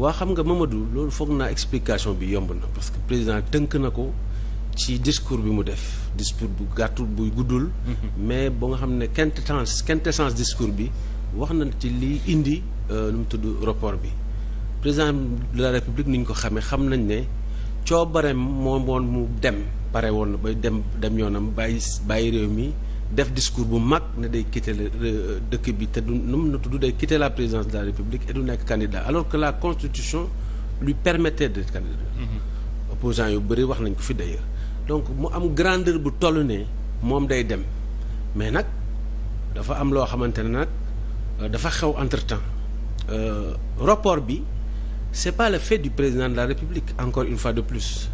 waa xam nga Mamadou loolu foog naa explication bi yomb na parce que président tënk na ko ci discours bi mu def discours bu gàttul buy guddul mhm. mais ba nga xam ne quintessence quintessence discours bi wax na ti li indi euh, nu mu tudd rapport bi président de la république ni ñu ko xamee xam nañ ne coobareem moom woon mu dem pare woon na bay dem dem yoonam bàyyi bàyyi réew mi def discours bu mag ne day quitter dëkk bi te du mu na tudd day quitter la présidence de la république et du nekk candidat alors que la constitution lui permettait d'être candidat mm-hmm. opposant yu bëri wax nañ ko fi d'ailleurs donc mu am grandeur bu toll ne moom day dem mais nag dafa am loo xamante ne nag euh, dafa xew entre temps euh, rapport bi c'est pas le fait du président de la république encore une fois de plus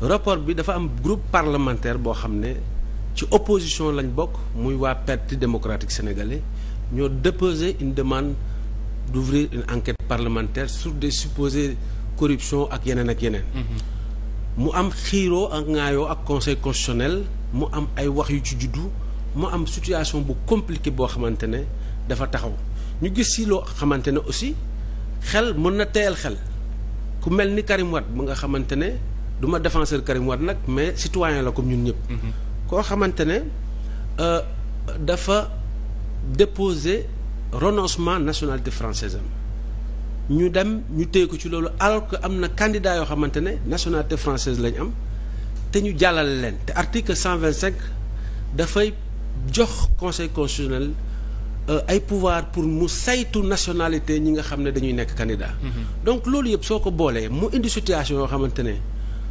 rapport bi dafa am groupe parlementaire boo xam ne ci opposition lañ bokk muy waa Parti démocratique sénégalais ñoo déposé une demande d'ouvrir une enquête parlementaire sur des supposées corruption ak yeneen ak yeneen mm-hmm. mu am xiiroo ak ŋaayoo ak conseil constitutionnel mu am ay wax yu ci juddu mu am situation bu compliquée boo xamante ne dafa taxaw ñu gis si loo xamante ne aussi xel mën na teyal xel ku mel ni Karim Wade mu nga xamante ne du ma défenseur nag mais citoyen la ko ñun ñëpp mm-hmm. koo xamante ne euh, dafa déposer renoncement nationalité française am ñu dem ñu téye ko ci loolu alors am na candidat yoo xamante ne nationalité française lañ am te ñu jàllale leen te article cent vingt cinq dafay jox conseil constitutionnel euh, ay pouvoir pour mu saytu nationalité ñi nga xam ne dañuy nekk candidat mm-hmm. donc loolu yëpp soo ko boolee mu indi situation yoo xamante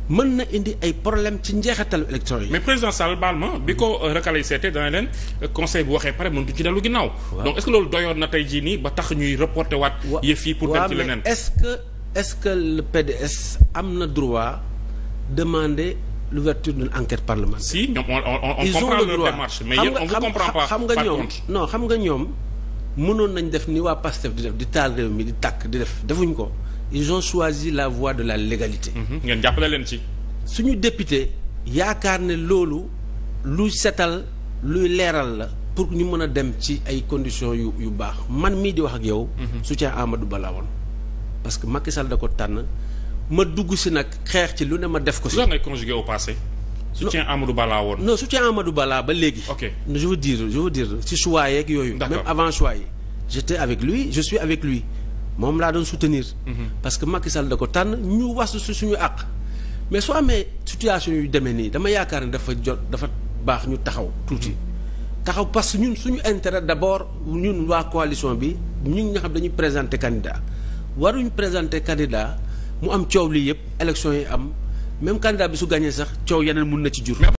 mën na indi ay problème ci njeexitalu élections yi. mais président Sall baal ma bi ko euh, recalé seete dana leen euh, conseil bu waxee pare mënut ci dellu ginnaaw. donc est ce que loolu doyoon na tey jii nii ba tax ñuy reporté waat. yëf yi pour dem ci leneen est que est ce que le PDS am na droit demander l'ouverture d'une enquête parlementaire. si ñoom on on on comprend leur démarche mais yéen on xam nga ñoom non xam nga ñoom mënoon nañ def ni waa Pastef di def di taal réew mi di tàkk di def defuñ ko. ils ont choisi la voie de la légalité. Mhm. ngeen jàppale leen ci. suñu député yaakaar ne loolu lu setal luy leeral la pour ñu mën a dem ci ay conditions yu yu baax man mii di wax ak yow. Mhm. soutien Amadou Ba laa woon parce que Macky Sall da ko tànn ma dugg si nag xeex ci lu ne ma def ko si. lu ngay conjugué au passé. soutien Amadou Ba laa woon. non soutien Amadou Ba laa ba léegi. ok je veux dire je veux dire si choix yeeg yooyu. même avant choix yi. j'étais avec lui je suis avec lui. moom laa doon soutenir. Mhm. parce que Macky Sall da ko tànn ñu was su suñu àq. mais su amee situation yu demee nii dama yaakaar ne dafa jot dafa baax ñu taxaw tuuti. Mhm. taxaw parce que ñun suñu intérêt d'abord ñun waa coalition bi ñu nga xam dañuy présenter candidat waruñu présenter candidat mu am coow lii yëpp élection yi am même candidat bi su gagné sax coow yeneen mun na ci jur.